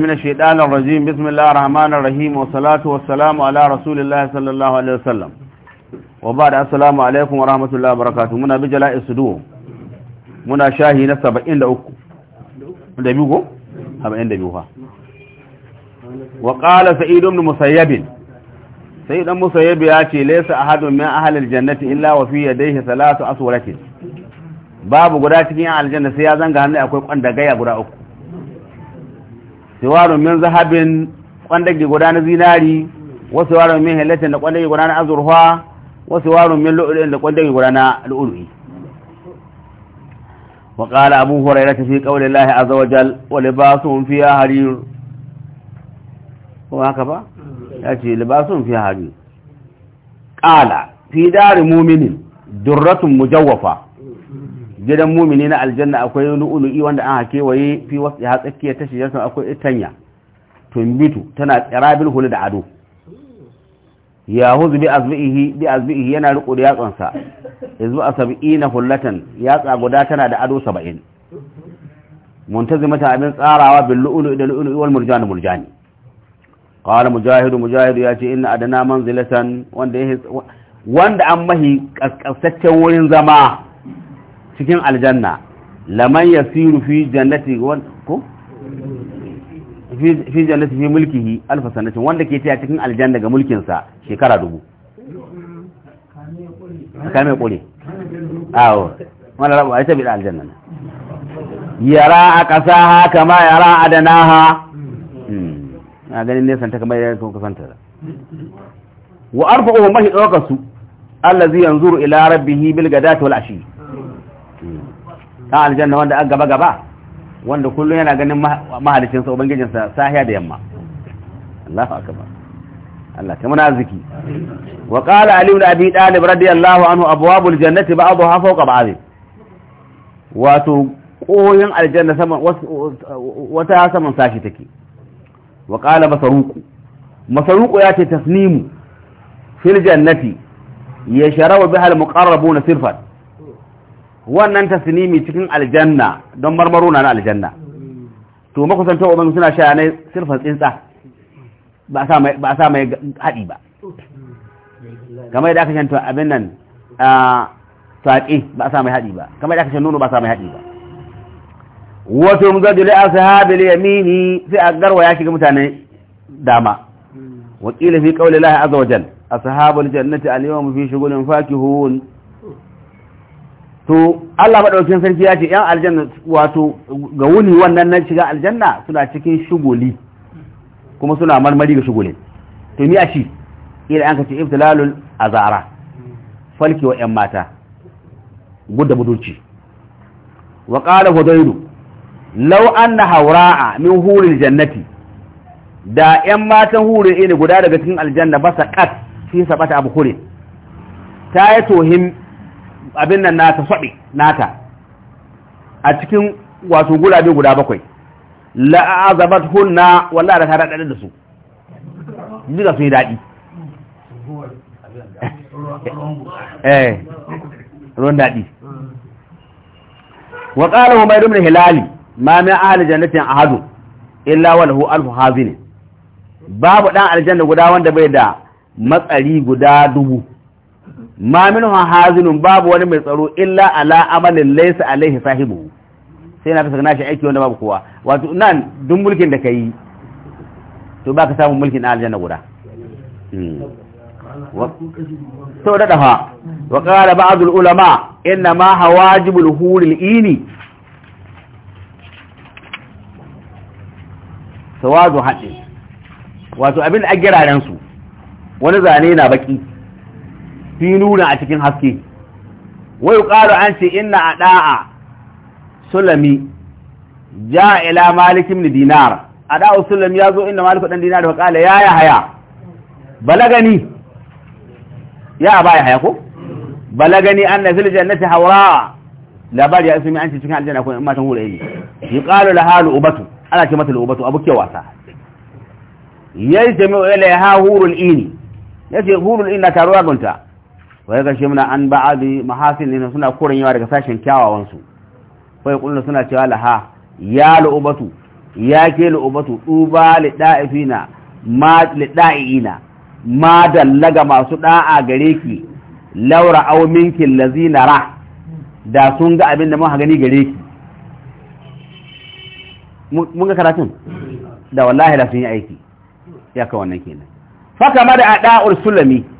من الشيطان الرجيم بسم الله الرحمن الرحيم والصلاة والسلام على رسول الله صلى الله عليه وسلم وبعد السلام عليكم ورحمة الله وبركاته منا بجلاء الصدور منا شاهي نسبة إن لأكو دبيوكو هم إن دبيوها وقال سعيد بن مسيب سعيد بن مسيب ياتي ليس أحد من أهل الجنة إلا وفي يديه ثلاث أسورة باب قداتك على الجنة سيازن قال أكو أن دقيا قداتك siwarun min zahabin kwandage guda na zinari wasu warun min halatin da kwandage guda na azurfa wasu warun min lu'ulin da kwandage guda na lu'ulu'i wa qala abu hurairah fi qawli llahi azza wa jal wa libasuhum fiha harir ko haka ba yace libasuhum fiha harir qala fi dar mu'minin durratun mujawwafa gidan mumini na aljanna akwai nu'u'nui wanda an hake waye fi wasu ha tsakiya ta shi yasan akwai itanya tumbitu tana tsirabil hulu da ado ya huzu bi azbihi bi azbihi yana riko da yatsansa yanzu a sab'ina hullatan yatsa guda tana da ado saba'in muntazimata abin tsarawa bil lu'ulu'i da lu'ulu'i wal murjani murjani qala mujahidu mujahidu ya ce inna adana manzilatan wanda wanda an mahi kaskasaccen wurin zama cikin aljanna laman yasiru fi jannati wan ko fi jannati fi mulkihi alfa sanatin wanda ke taya cikin aljanna ga mulkinsa shekara dubu kame kure awo wala rabu ai tabi aljanna yara a akasaha kama yara a adanaha hmm. na ganin nesan ta kamar yadda kuka da. wa arfa'u mahi dawaka su allazi yanzuru ila rabbih bil gadati wal ashi dan aljanna wanda an gaba gaba wanda kullum yana ganin mahalicin sa ubangijin sa sahiya da yamma Allahu akbar Allah kamar arziki wa qala ali ibn abi talib radiyallahu anhu abwabul jannati ba'daha fawqa ba'd wato koyon aljanna saman wata saman sashi take wa qala masaruku masaruku ya ce tasnimu fil jannati yashrabu biha al muqarrabuna sirfan wannan tasnimi cikin aljanna don marmaro na aljanna to makusanta wa suna sha ne sirfan tsinsa ba a sa mai haɗi ba kamar da aka to abin nan a saƙi ba a sa mai haɗi ba kamar da aka shan nono ba a sa mai haɗi ba wato mu zaɗi la'a su yamini sai a garwa ya shiga mutane dama qila fi ƙaunar azza wa a sahabar jannati al-yawon fi shughulin fakihun to Allah madaukakin sarki ya ce yan aljanna wato ga wuni wannan nan shiga aljanna suna cikin shuguli kuma suna marmari ga shugoli. to ni a shi ila an kace ibtilalul azara falki wa yan mata gudda budurci wa qala hudayru law anna hawra'a min huril jannati da yan matan hurin ne guda daga cikin aljanna ba sa kat fi sabata abu hurin ta yi tohim abin nan nata faɗi nata a cikin wato gurabe guda bakwai la'azabat hunna wallahi da ta daɗaɗe da su duka sun yi daɗi eh ruwan daɗi wa ƙara wa maidum hilali ma min ahli jannatin ahadu illa wa lahu alfu hazin babu dan aljanna guda wanda bai da matsari guda dubu ma minhu hazinun babu wani mai tsaro illa ala amalin laysa alaihi sahibu sai na fasa shi aiki wanda babu kowa wato nan duk mulkin da kai to baka samu mulkin na aljanna guda hmm. to da dafa wa qala ba'dul ulama inna ma hawajibul hulil ini sawadu hadin wato abin da a giraren su wani zane na baki fi nuna a cikin haske wai ƙaru an ce inna a ɗa'a sulami ja ila malikin ni dinar a ɗa'a sulami ya zo inda malikin ɗan dinar da ƙala ya ya haya balagani ya ba ya haya ko balagani an na zilja na ta haura labari ya isumi an ce cikin aljanna kuma matan hura ne yi ƙalu la halu ubatu ana ce mata la ubatu abu wasa yayi jami'u ila ya ha hurul ini ce hurul ini na taruwa gunta Wai ga shi muna an ba'adi mahasin ne suna koren yawa daga sashen kyawawan su wai kullu suna cewa laha ya lu'ubatu ya ke lu'ubatu duba li da'ifina ma li da'iina ma dallaga masu da'a gare ki laura aw minkil lazina ra da sun ga abin da muka gani gare ki mun ga karatun da wallahi da sun yi aiki ya ka wannan kenan fa mada ada'ul sulami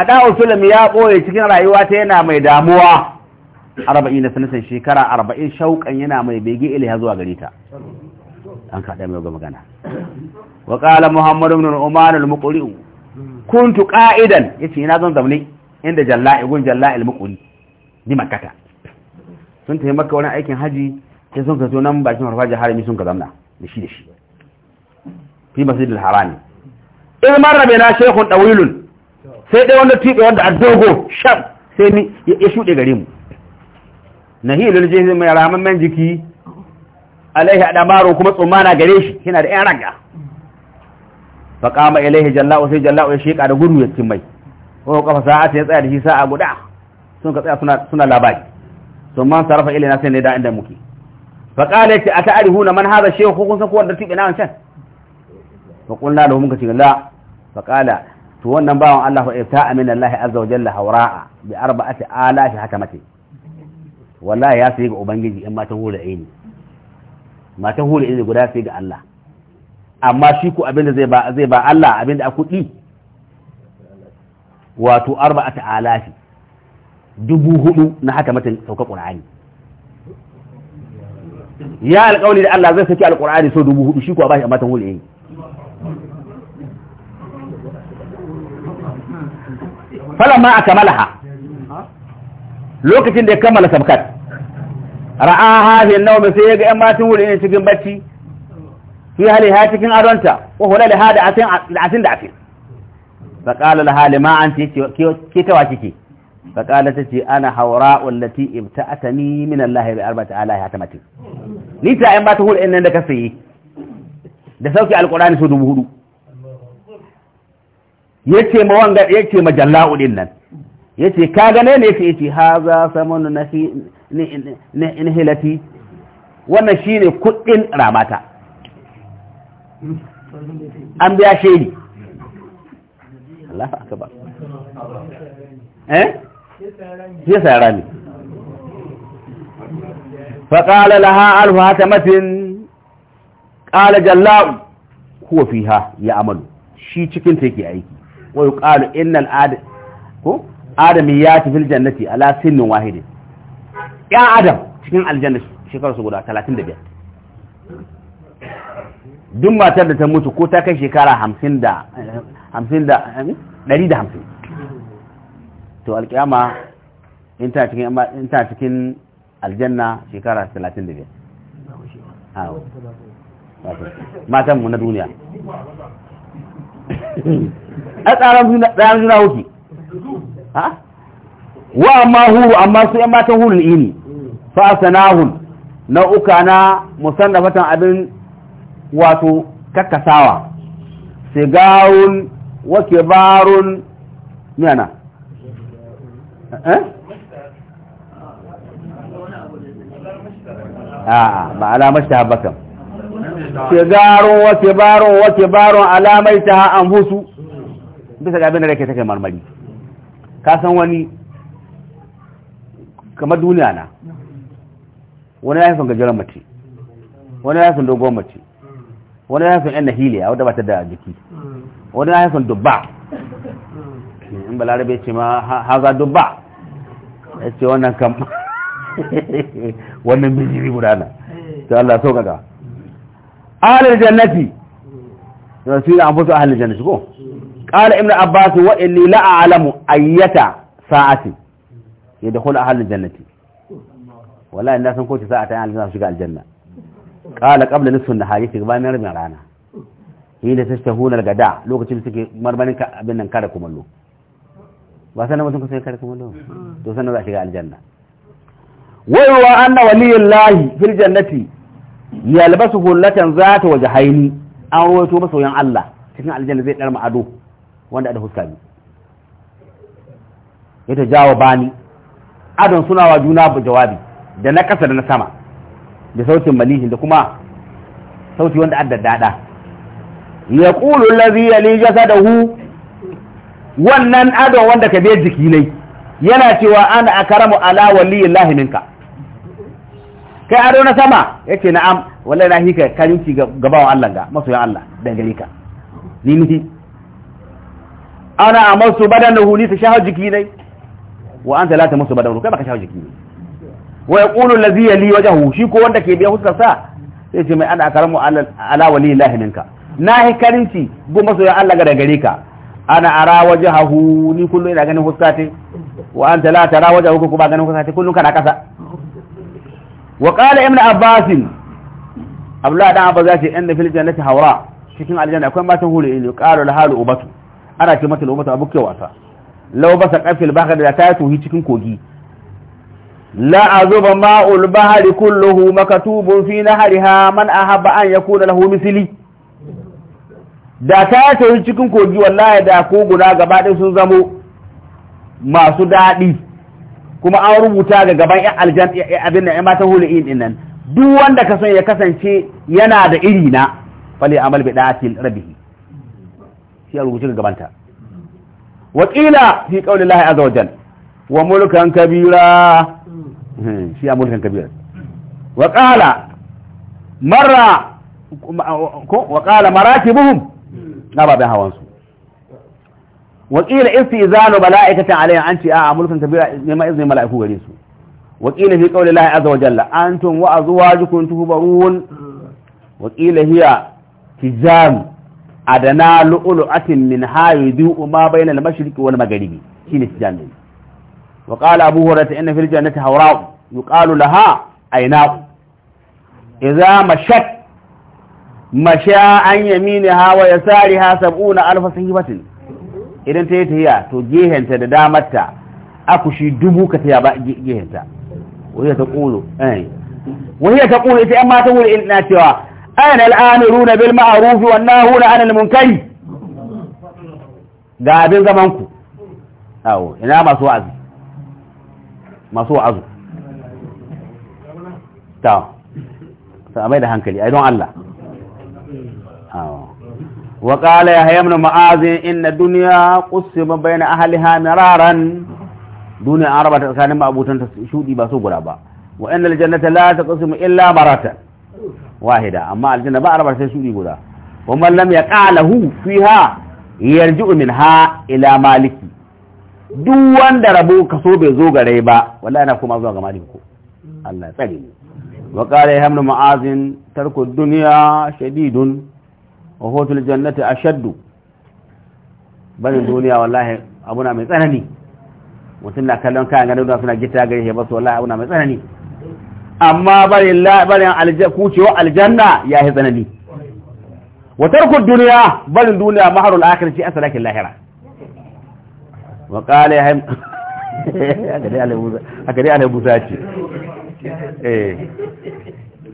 ada'u sulam ya ɓoye cikin rayuwa ta yana mai damuwa arba'in da sanatan shekara arba'in shauƙan yana mai bege iliya zuwa gare ta an kaɗa mai ga magana wa ƙala muhammadu bin umar al-muqri'u kuntu qa'idan yace ina zan zaune inda jalla'i gun jalla'il al-muqri ni makkata sun tafi makka wani aikin haji sai sun ka zo nan bakin farfajiyar harami sun ka zamna da shi da shi fi masjidil harami ilmar rabina shaykhun dawilun sai dai wanda tibe wanda a dogo shan sai ni ya shuɗe gare mu na nahilul jihzi mai man jiki alaihi adamaru kuma tsumana gare shi yana da yan raga fa qama ilaihi jalla'u sai jalla'u ya sheka da gudu ya cimmai mai ko kafa sa'a sai tsaya da shi sa'a guda sun ka tsaya suna suna labari tsumman man sarfa ilaina sai ne da inda muke fa qala ya ata'rifuna man hadha ko kun san ko wanda tibe na wancan fa qulna lahu ka ce la fa qala to wannan bawan Allah ifta amin Allah azza wa jalla hawra'a bi arba'ati alafi hakamati wallahi ya sai ga ubangiji in mata hura aini mata hura aini guda sai ga Allah amma shi ku abinda zai ba zai ba Allah abinda a kudi wato arba'ati alafi dubu hudu na hakamatin sauka qur'ani ya alƙawari da Allah zai saki alƙur'ani so dubu hudu shi kuwa ba shi amma ta hura aini falamma akmalaha lokacin da ya kammala sabkat ra'a hadhihi an-nawm sai yaga yan matan wurin ne cikin bacci fi ha cikin adonta wa hula laha da asin da asin da asin fa qala laha lima anti ke tawa kike fa qala ce ana haura allati ibta'atani min Allah bi arba'ati alahi hatamati ni ta yan matan wurin nan da ka sayi da sauki alqur'ani su dubu hudu yace ma wanga yace ma jalla'u din nan yace ka gane ne yace yace haza samun nafi na inhilati wannan shine kuɗin ramata an biya shedi Allah akbar eh sai sai rami laha لها ألف هتمة jallau جلاء fiha ya amalu shi cikin take aiki wa yuqalu innal adam ko adamiyati fil jannati ala sinnin wahidin ya adam cikin aljanna shekaru su guda 35 duk matar da ta mutu ko ta kai shekara 50 da 50 da 150 eh, to alkiyama in ta cikin in ta cikin aljanna shekara 35 mu na duniya a tsaron wuce wa amma huru amma su ‘yan matan hurul ini fasanahun na uka na musannafatan abin wato kakkasawa sigarun wa kibarun yana eh? ba alamar shahabbakan sigarun wa kibarun wa kibarun alamai ta an husu bisa ga abin da rake take marmari ka san wani kamar duniya na wani ya son gajeren mace wani ya son dogon mace wani ya son yan nahiliya wadda ba ta da jiki wani ya son dubba in balarabe ce ma haza dubba ya ce wannan kam wannan bijiri gudana ta Allah sauƙaƙa ahlul jannati rasul an fusu ahlul jannati ko qala ibnu abbas wa inni la a'lamu ayyata sa'ati yadkhulu ahlul jannati wala na san ko ta sa'ata aljanna shiga aljanna qala qabla nisfu an-nahar yake bayan rabin rana hina tashtahuna al-gada lokacin suke marmarin abin nan kare kumallo ba sanan mutum kusa kare kumallo to sanan za shiga aljanna wa huwa anna waliyullahi fil jannati yalbasu hullatan zata haini an rawaito masoyan Allah cikin aljanna zai dar ma'ado wanda da huska ne yata jawo bani adon suna wa juna bu jawabi da na kasa da na sama da sautin malihin da kuma sauti wanda adda dada yaqulu ya yali jasadahu wannan adon wanda ka bai jiki ne yana cewa ana akramu ala waliyillahi minka kai ado na sama ce na'am wallahi na hika karinci gabawan Allah ga masoyan Allah dangare ka ni ni ana amasu badanahu li tashahu jiki ne wa anta la tamasu badanahu kai baka shahu jiki ne wa yaqulu allazi li wajhu shi ko wanda ke biya huskar sa sai ce mai ana akaramu ala wali lahi minka na hikarinci bu masoyan Allah ga dangare ka ana ara wajhahu ni kullu ina ganin huskate wa anta la tara wajhahu ko ba ganin huskate kullun kana kasa wa qala ibn abbas abdullahi dan abbas yace inna fil jannati hawra cikin aljanna akwai matan hulu ilu qalu la halu ubatu ana ce mata ubatu abuke wasa law basa qafil bahri da ta tuhi cikin kogi la azuba ma'ul bahri kulluhu makatubun fi nahriha man ahabba an yakuna lahu misli da ta tuhi cikin kogi wallahi da koguna gaba ɗaya sun zamo masu daɗi kuma an rubuta ga gaban yan aljan abin nan matan huli'in din nan duk wanda ka son ya kasance yana da iri na fali amal bi datil rabihi shi rubuce ga gabanta wa qila fi qawli azza wa jal wa mulkan kabira hmm, shi mulkan kabira wa qala marra ko wa qala maratibuhum na babin hawansu wakila istizanu mala'ikatan alayhi an ce a mulkan kabira neman izinin mala'iku gare su wakila fi qawli lahi azza wa jalla antum wa azwajukum tuhbarun wakila hiya tijam adana lu'lu'atin min haydu ma bayna al-mashriqi wal maghribi shine tijam din wa qala abu hurairah inna fil jannati hawra'u yuqalu laha ayna'u idza mashat masha an yaminaha wa yasariha idan ta yi tahiya to gehenta da damarta shi dubu ka ta ba gehenta wahiya ta ƙulu eh. wahiya ta ƙulu ita ‘yan matan wuri ina cewa ayan al'amiru na bil ma'arufi wannan hula anil munkari ga abin ku awo ina masu wa'azi masu wa'azu ta ta mai da hankali ai don Allah awo وقال يحيى بن معاذ ان الدنيا قسم بين اهلها مرارا دون عربة كان مأبوتان شودي باسو غدا با وان الجنه لا تقسم الا مرة واحده اما الجنه با عربة شودي غدا ومن لم يقع له فيها يرجع منها الى مالك duk wanda rabo kaso bai zo gare ba wallahi na kuma zuwa ga maliku ko Allah ya tsare ni wa qala ya hamnu ma'azin tarku dunya shadidun wa huwa a jannati ashaddu barin hmm. duniya wallahi abuna mai tsanani mutum na kallon kayan ganin suna gita gari ya basu wallahi abuna mai tsanani amma ba barin kucewa aljanna ya yi tsanani wata rukun duniya barin duniya maharul ce an salakin lahira wa qala ya haka dai alai buza ce eh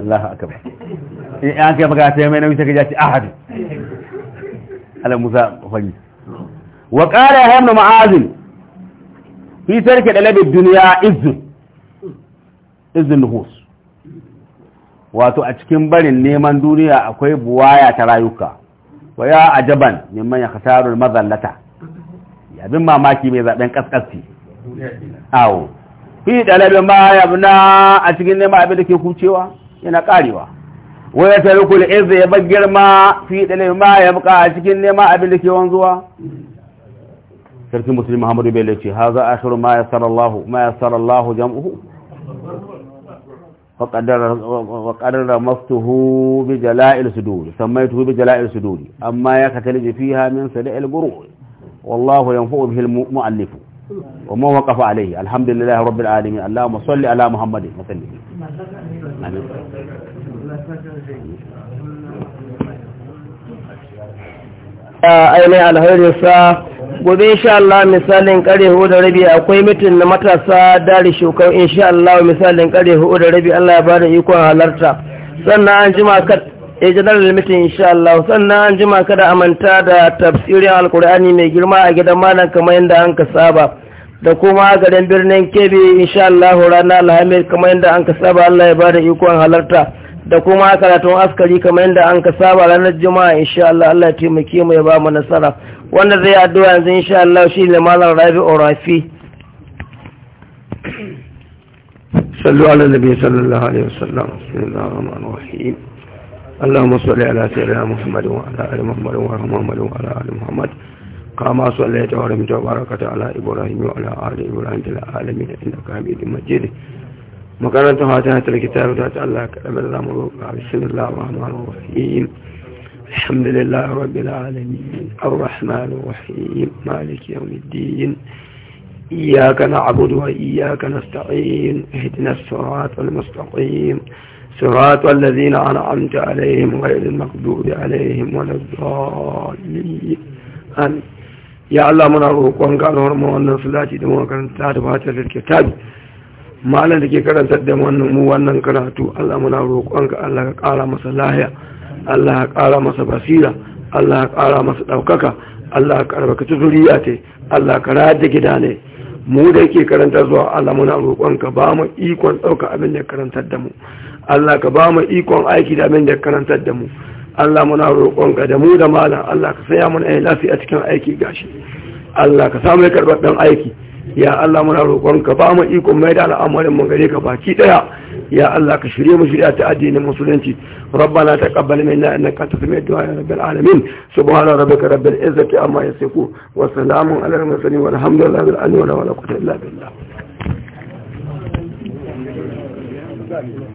Allahu akbar in an kai magana sai mai nauyi sai ka ji ahad ala musa wa qala ya ibn ma'azin. fi tarki dalab dunya izz izz nuhus wato a cikin barin neman duniya akwai buwaya ta rayuka wa ya ajaban mimman ya khatarul mazallata abin mamaki mai zaben kaskasci awo fi dalabin ma yabna a cikin neman abin da ke kucewa yana karewa waya ta rukul izza ya bar girma fi dalil ma ya buka a cikin nema abin da ke wanzuwa sarki musulmi muhammadu bello ce haza akhiru ma yassara Allah ma yassara Allah jam'uhu فقدر وقدر مفته بجلاء الصدور سميته بجلاء الصدور أما يختلج فيها من سدع البروع والله ينفع به المؤلف وما وقف alaihi الحمد لله رب العالمين اللهم صل على محمد Amin. ainihin sa gobe insha Allah misalin kare hu da rabi akwai mitin na matasa dari shukau insha Allah misalin kare hu da rabi Allah ya bada ikon halarta sannan an jima ka a general mitin insha Allah sannan an jima ka da amanta da tafsirin alkur'ani mai girma a gidan malam kamar yadda an ka saba da kuma garin birnin kebe insha Allah ranar Alhamis kamar yadda an ka saba Allah ya bada ikon halarta da kuma karatun askari kamar yadda an ka saba ranar juma'a insha Allah Allah ya taimake mu ya ba mu nasara wanda zai addu'a yanzu insha Allah shi ne malam Rabi Orafi sallu ala nabi sallallahu alaihi wasallam bismillahir rahmanir rahim اللهم صل على سيدنا محمد وعلى ال محمد وعلى محمد وعلى ال محمد كما صليت ورحمت وباركت على ابراهيم وعلى ال ابراهيم في العالمين انك حميد مجيد هاتين هاتين الكتاب كلام بالله ملوك بسم الله الرحمن الرحيم الحمد لله رب العالمين الرحمن الرحيم مالك يوم الدين إياك نعبد وإياك نستعين اهدنا الصراط المستقيم صراط الذين أنعمت عليهم غير المقدور عليهم ولا الضالين آمين يا الله من أروق وأنقذ هرمون صلاتي دموع كانت تاتبات الكتاب malam da ke karantar da wannan mu wannan karatu Allah muna roƙonka Allah ka ƙara masa lahiya Allah ka ƙara masa basira Allah ka ƙara masa ɗaukaka Allah ka albarkaci zuriya ta Allah ka rada gida ne mu da ke karantar zuwa Allah muna roƙonka ba mu ikon ɗauka abin da karantar da mu Allah ka ba mu ikon aiki da abin da karantar da mu Allah muna roƙonka da mu da malam Allah ka saya mana lafiya cikin aiki gashi Allah ka samu ya karɓar ɗan aiki ya Allah muna rokon ka ba mu iko mai da al'amarin mu gare ka baki daya ya Allah ka shirye mu shirya ta addinin musulunci rabbana taqabbal minna innaka antas samiul du'a ya rabbal alamin subhana rabbika rabbil izzati amma yasifun wa salamun alal mursalin walhamdulillahi rabbil alamin wa la quwwata illa billah